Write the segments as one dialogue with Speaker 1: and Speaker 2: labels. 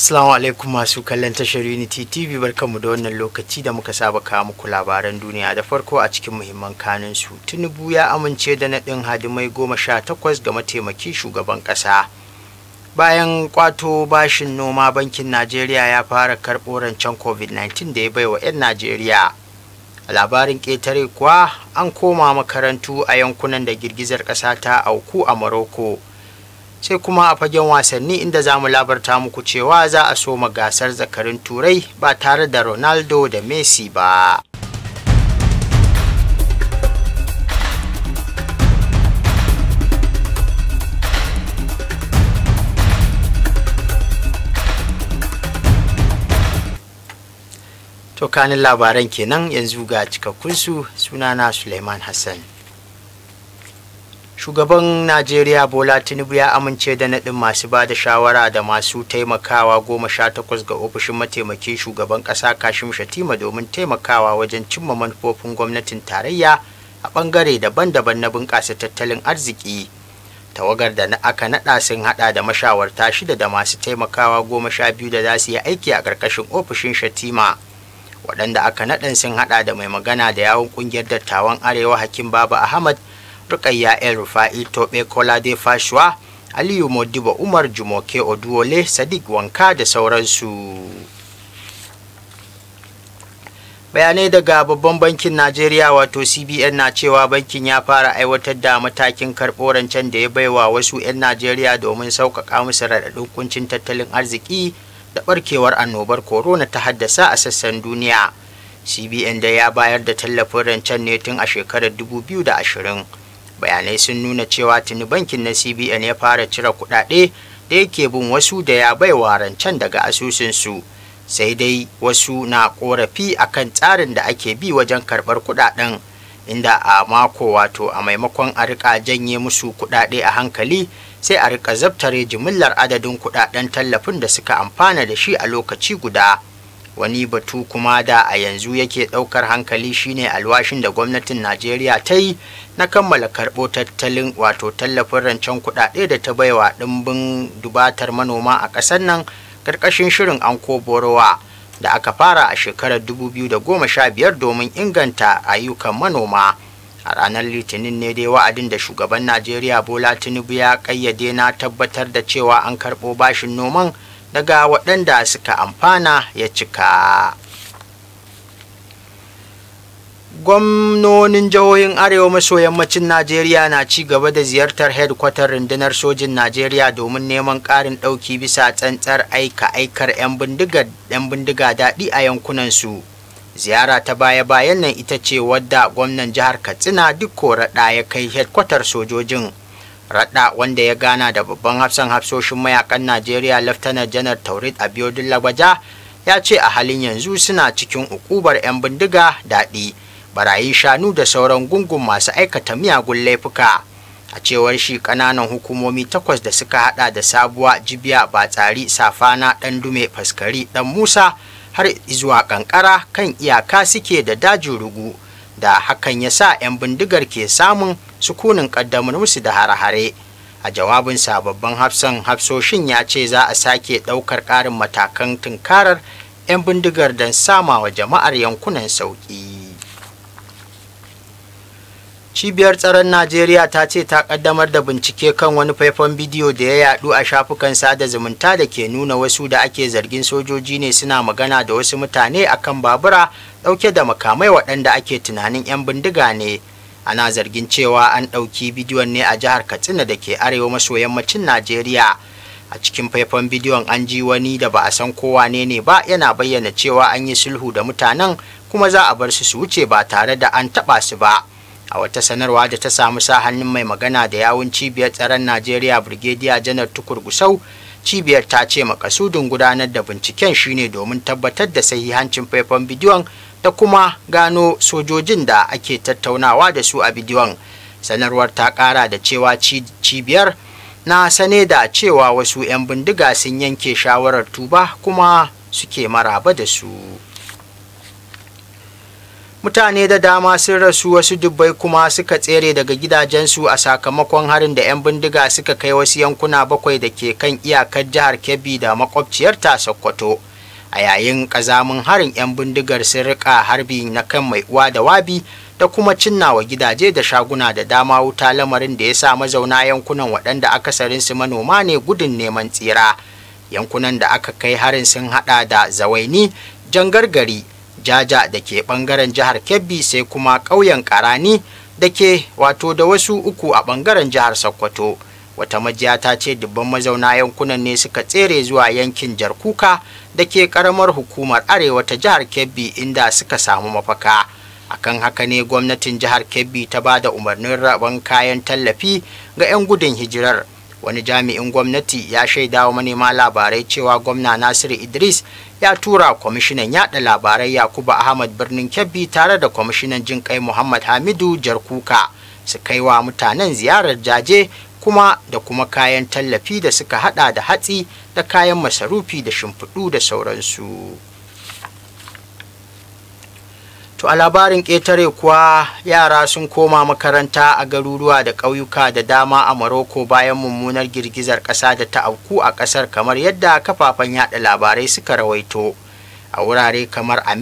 Speaker 1: Assalamu alaikum masu kallon tashar Unity TV barkanmu da wannan lokaci da muka saba kawo muku labaran duniya da farko a cikin muhimman kanin su. Tinubu ya amince da naɗin hadimai goma sha takwas ga mataimaki shugaban ƙasa. Bayan kwato bashin noma bankin Najeriya ya fara karɓo rancen COVID-19 da ya baiwa 'yan Najeriya. Labarin ƙetare kuwa an koma makarantu a yankunan da girgizar ƙasa ta auku a Morocco. sai kuma a fagen wasanni inda za mu labarta muku cewa za a soma gasar zakarin turai ba tare da ronaldo da messi ba to kanin labaran kenan yanzu ga cikakkunsu sunana suleiman hassan shugaban najeriya bola tinubu ya amince da naɗin masu ba da shawara da masu taimakawa goma sha takwas ga ofishin mataimakin shugaban ƙasa kashim shatima domin taimakawa wajen cimma manufofin gwamnatin tarayya a ɓangare daban-daban na bunƙasa tattalin arziki tawagar da aka naɗa sun haɗa da mashawarta shida da masu taimakawa goma sha biyu da za su yi aiki a ƙarƙashin ofishin shatima waɗanda aka naɗin sun haɗa da mai magana da yawon ƙungiyar dattawan arewa hakim baba ahmad Rukayya El Rufa'i Tobe Kolade Fashuwa Aliyu Modibo Umar Jumoke Oduwole Sadiq Wanka da sauransu. bayanai daga babban bankin najeriya wato cbn na cewa bankin ya fara aiwatar da matakin karɓo rancen da ya baiwa wasu 'yan najeriya domin sauƙaƙa musu raɗaɗin kuncin tattalin arziki da ɓarkewar annobar corona ta haddasa a sassan duniya cbn da ya bayar da tallafin rancen ne tun a shekarar 2020 bayanai sun nuna cewa tuni bankin na cbn ya fara cire kudade da yake bin wasu da ya bai rancen daga asusunsu sai dai wasu na korafi akan tsarin da ake bi wajen karbar kudaden inda a mako wato a maimakon a rika janye musu kudade a hankali sai a rika zabtare jimillar adadin kudaden tallafin da suka amfana da shi a lokaci guda wani batu kuma da a yanzu yake ɗaukar hankali shine alwashin da gwamnatin najeriya ta yi na kammala karɓo tattalin wato tallafin rancen kuɗaɗe da ta baiwa ɗimbin dubatar manoma a ƙasar nan ƙarƙashin shirin anko borowa da aka fara a shekarar 2015 domin inganta ayyukan manoma a ranar litinin ne dai wa'adin da shugaban najeriya bola tinubu ya ƙayyade na tabbatar da cewa an karɓo bashin noman daga waɗanda suka amfana ya cika gwamnonin jihohin arewa maso yammacin najeriya na ci gaba da ziyartar hedkwatar rundunar sojin najeriya domin neman ƙarin ɗauki bisa tsantsar aika aikar 'yan bindiga daɗi a yankunansu ziyara ta baya-bayan nan ita ce wadda gwamnan jihar katsina duk koraɗa ya kai hedkwatar sojojin Raɗa wanda ya gana da babban hafsan hafsoshin mayakan Najeriya Laftanar Janar Taurid Abiodun Lagwaja ya ce a halin yanzu suna cikin ukubar 'yan bindiga daɗi, barayi, shanu da sauran gungun masu aikata miyagun laifuka. A cewar shi ƙananan hukumomi takwas da suka hada da sabuwa jibiya batsari safana ɗan dume faskari ɗan musa har zuwa kankara kan iyaka suke da dajin rugu. da hakan ya sa 'yan bindigar ke samun sukunin ƙaddamar musu da hare-hare a jawabin sababbin hafsan hafsoshin ya ce za a sake ɗaukar ƙarin matakan tunkarar 'yan bindigar don sama wa jama'ar yankunan sauƙi cibiyar tsaron najeriya ta ce ta ƙaddamar da bincike kan wani faifan bidiyo da ya yaɗu a shafukan sada zumunta da ke nuna wasu da ake zargin sojoji ne suna magana da wasu mutane akan babura ɗauke da makamai waɗanda ake tunanin 'yan bindiga ne ana zargin cewa an ɗauki bidiyon ne a jihar katsina da ke arewa maso yammacin najeriya a cikin faifan bidiyon an ji wani da ba a san kowa ne ne ba yana bayyana cewa an yi sulhu da mutanen kuma za a bar su su wuce ba tare da an taɓa su ba a wata sanarwa da ta samu sa hannun mai magana da yawun cibiyar tsaron najeriya brigadier janar tukur gusau cibiyar ta ce makasudin gudanar da binciken shine domin tabbatar da sahihancin faifan bidiyon ta kuma gano sojojin da ake tattaunawa da su a bidiyon sanarwar ta kara da cewa cibiyar na sane da cewa wasu 'yan bindiga sun yanke shawarar tuba kuma suke maraba da su mutane da dama sun rasu wasu dubbai kuma suka tsere daga gidajensu a sakamakon harin da 'yan bindiga suka kai wasu yankuna bakwai da ke kan iyakar jihar kebbi da makwabciyarta ta sokoto a yayin ƙazamin harin 'yan bindigar sun rika harbi na kan mai uwa da wabi da kuma cinnawa gidaje da shaguna da dama wuta lamarin da ya sa mazauna yankunan waɗanda akasarinsu manoma ne gudun neman tsira yankunan da aka kai harin sun hada da zawaini jan gargari, jaja da ke ɓangaren jihar kebbi sai kuma ƙauyen karani da ke wato da wasu uku a ɓangaren jihar sokoto wata majiya ta ce dubban mazauna yankunan ne suka tsere zuwa yankin jarkuka da ke karamar hukumar arewa ta jihar kebbi inda suka samu mafaka akan haka ne gwamnatin jihar kebbi ta ba da umarnin rabon kayan tallafi ga 'yan gudun hijirar wani jami'in gwamnati ya shaida wa manema labarai cewa gwamna nasiru idris ya tura kwamishinan yada labarai yakuba ahmad birnin kebbi tare da kwamishinan jinƙai muhammad hamidu jarkuka su kaiwa mutanen ziyarar jaje kuma da kuma kayan tallafi da suka hada da hatsi da kayan masarufi da shimfiɗu da sauransu to a labarin ƙetare kuwa yara sun koma makaranta a garuruwa da ƙauyuka da dama a maroko bayan mummunar girgizar ƙasa da ta auku a ƙasar kamar yadda kafafen yaɗa labarai suka rawaito a wurare kamar a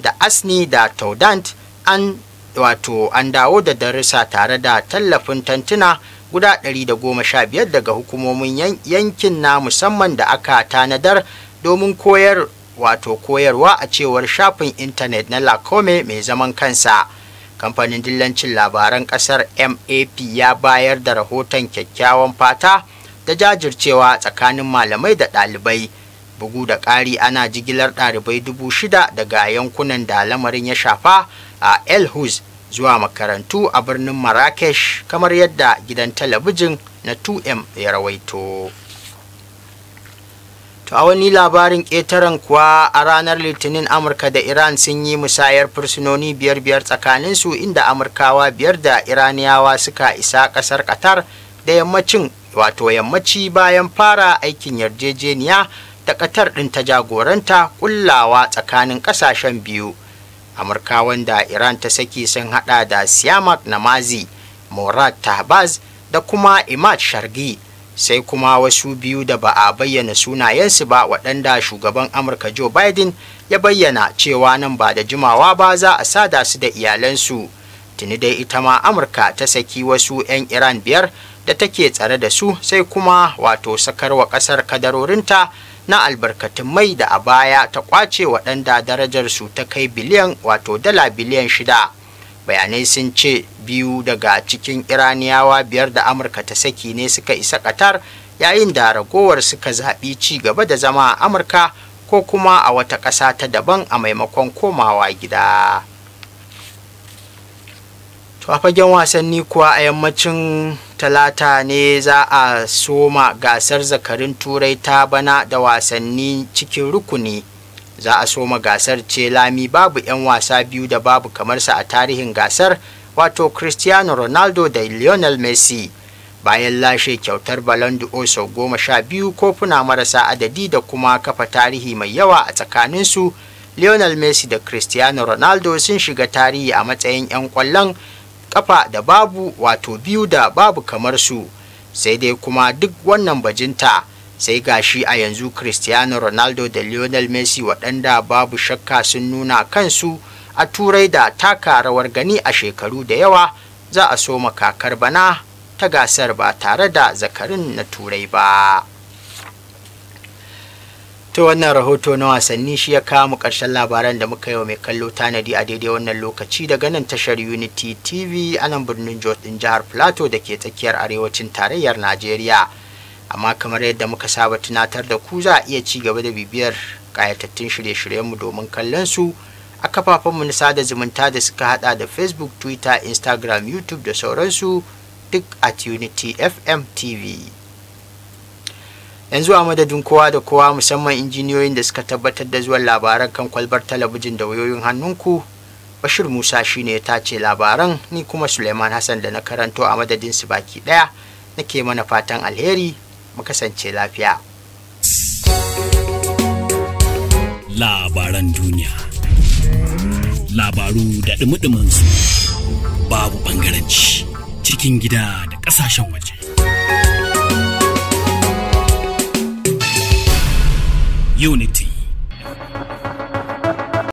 Speaker 1: da asni da taudant an wato an dawo da darussa tare da tallafin tantuna guda 115 daga hukumomin yankin na musamman da aka tanadar domin koyar wato koyarwa a cewar shafin intanet na lakome mai zaman kansa kamfanin dillancin labaran kasar map ya bayar da rahoton kyakkyawan fata da jajircewa tsakanin malamai da ɗalibai bugu da ƙari ana jigilar ɗalibai dubu shida daga yankunan da lamarin ya shafa a el huz zuwa makarantu a birnin marrakesh kamar yadda gidan talabijin na 2m ya rawaito to a wani labarin ƙetaren kuwa a ranar litinin amurka da iran sun yi musayar fursunoni biyar biyar tsakaninsu inda amurkawa biyar da iraniyawa suka isa ƙasar qatar da yammacin wato yammaci bayan fara aikin yarjejeniya da ƙatar ɗin ta jagoranta kullawa tsakanin ƙasashen biyu amurka da iran ta saki sun hada da siyamak namazi morad tahbaz da kuma imad shargi sai kuma wasu biyu da ba a bayyana sunayensu ba waɗanda shugaban amurka joe biden ya bayyana cewa nan ba da jimawa ba za a sada su da iyalansu tuni dai ita ma amurka ta saki wasu 'yan iran biyar da take tsare da su sai kuma wato sakarwa kasar kadarorinta na albarkatun mai da a baya ta kwace waɗanda su ta kai biliyan wato dala biliyan shida bayanai sun ce biyu daga cikin iraniyawa biyar da amurka ta saki ne suka isa qatar yayin da ragowar suka zaɓi ci gaba da zama a amurka ko kuma a wata ƙasa ta daban a maimakon komawa gida to wasanni kuwa a yammacin talata ne za a soma gasar zakarin turai ta bana da wasanni cikin rukuni za a soma gasar ce lami babu 'yan wasa biyu da babu kamarsa a tarihin gasar wato cristiano ronaldo da lionel messi bayan lashe kyautar ballon d'or sau goma sha biyu kofuna marasa adadi da kuma kafa tarihi mai yawa a tsakaninsu lionel messi da cristiano ronaldo sun shiga tarihi a matsayin 'yan kwallon kafa da babu wato biyu da babu kamar su sai dai kuma duk wannan bajinta sai gashi a yanzu cristiano ronaldo da lionel messi waɗanda babu shakka sun nuna kansu a turai da taka rawar gani a shekaru da yawa za a so makakar bana ta gasar ba tare da zakarin na turai ba to wannan rahoto na wasanni shi ya kawo mu ƙarshen labaran da muka yi wa mai kallo tanadi a daidai wannan lokaci daga nan tashar unity tv a nan birnin jos ɗin jihar plateau da ke tsakiyar arewacin tarayyar najeriya amma kamar yadda muka saba tunatar da ku za a iya ci gaba da bibiyar kayatattun shirye-shiryenmu domin kallon su a kafafenmu na sada zumunta da suka hada da facebook twitter instagram youtube da sauransu duk at unity fm tv yanzu a madadin kowa da kowa musamman injiniyoyin da suka tabbatar da zuwan labaran kan kwalbar talabijin da wayoyin hannunku bashir musa shine ya tace labaran ni kuma suleiman hassan da na karanto a madadin su baki daya nake mana fatan alheri mu kasance lafiya labaran duniya labaru da dumi su babu bangaranci cikin gida da kasashen waje unity.